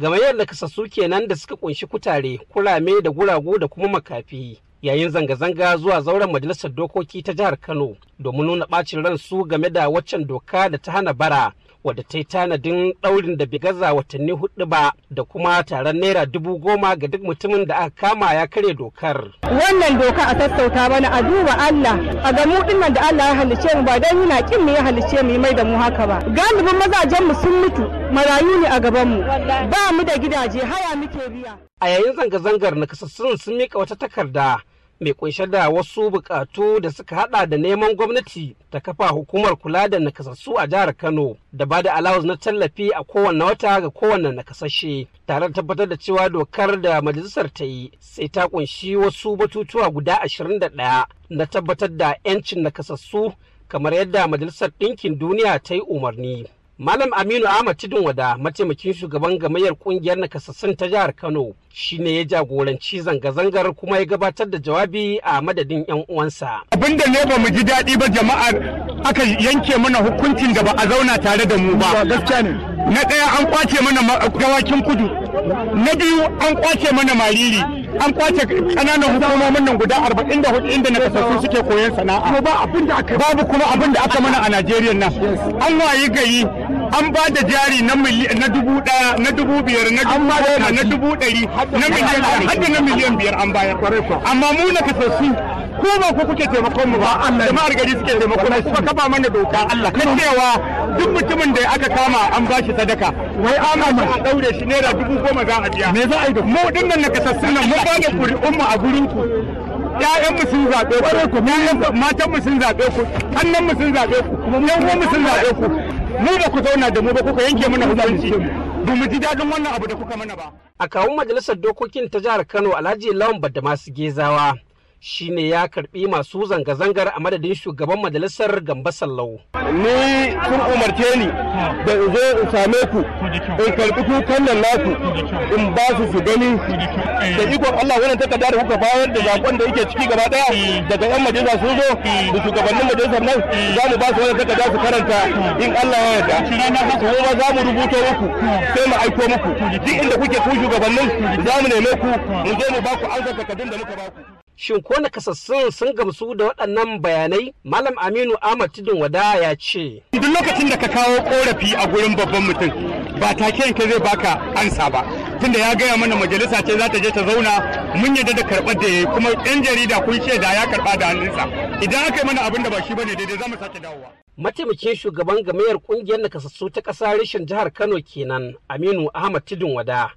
gamayyar da kasassu kenan da suka kunshi kutare kurame da guragu da kuma makafi yayin zanga-zanga zuwa zauren majalisar dokoki ta jihar kano domin nuna bacin ransu game da waccan doka da ta hana bara wadda ta yi tanadin ɗaurin da bigaza watanni hudu ba da kuma taron naira dubu goma ga duk mutumin da aka kama ya karya dokar. Wannan doka a tattauta bana a duba Allah a ga mu dinnan da Allah ya halice mu ba dan yana kin mu ya halice mu mai da mu haka ba. Galibin mazajen mu sun mutu marayu ne a gaban mu ba mu da gidaje haya muke biya. A yayin zanga-zangar nakasassun sun mika wata takarda mai kunshe da wasu bukatu da suka hada da neman gwamnati ta kafa hukumar kula da nakasassu a jihar Kano da ba da alawus na tallafi a kowanne wata ga kowanne nakasashe tare da tabbatar da cewa dokar da majalisar ta yi sai ta kunshi wasu batutuwa guda 21 na tabbatar da 'yancin nakasassu kamar yadda majalisar ɗinkin duniya ta yi umarni. Malam Aminu Ahmad Tidin mataimakin shugaban gamayyar kungiyar nakasassun ta jihar Kano shi ne ya jagoranci zanga-zangar kuma ya gabatar da jawabi a madadin 'yan uwansa. da ne ba mu ji daɗi ba jama'ar aka yanke mana hukuncin da ba a zauna tare da mu ba. Gaskiya ne. Na ɗaya an kwace mana gawakin kudu. Na biyu an kwace mana mariri. an kwace kananan hukumomin nan guda 44 inda nakasassu suke koyon sana'a babu kuma abin da aka mana a Najeriya nan an wayi gayi an ba da jari na dubu daya na dubu biyar na dubu goma na dubu dari na miliyan hadda na miliyan biyar an bayar amma mu na nakasassu ko ba ku kuke taimakon mu ba jama'ar gari suke taimakon mu kuma kafa mana doka Allah kan cewa duk mutumin da aka kama an ba shi sadaka wai an ba a daure shi naira dubu goma za a biya me za a yi mu dinnan nakasassun nan mun ba da ƙuri'un mu a gurin ku ƴaƴan mu sun zaɓe ku ƴaƴan matan mu sun zaɓe ku annan mu sun zaɓe ku yan uwan mu sun zaɓe ku mu ba ku zauna da mu ba kuka yanke mana hukunci ba mu ji daɗin wannan abu da kuka mana ba a kawun majalisar dokokin ta jihar Kano Alhaji Lawan Badamasi Gezawa shine ya karbi masu zanga-zangar a madadin shugaban majalisar gamba sallau ni kun umarce ni da in zo in same ku in karbi kukan nan naku in ba su su gani da ikon Allah wannan takarda da kuka bayar da zakon da yake ciki gaba daya daga yan majalisa sun zo da shugabannin majalisar nan za mu ba su wannan takarda su karanta in Allah ya yarda kuma za mu rubuto muku sai mu aiko muku duk inda kuke kun shugabannin za mu neme ku mu je mu ba ku an takardun da muka ba ku Shin ko nakasassun sun gamsu da waɗannan bayanai? Malam Aminu Ahmad Tudun Wada ya ce. Duk lokacin da ka kawo korafi a gurin babban mutum ba take ka zai baka ansa ba. Tunda ya gaya mana majalisa ce za ta je ta zauna mun yadda da karɓar da ya kuma 'yan jarida kun da ya karɓa da hannunsa. Idan aka yi mana abin da ba shi bane daidai za mu sake dawowa. mataimakin shugaban gamayar kungiyar nakasassu ta ƙasa reshen jihar kano kenan aminu ahmad tudun wada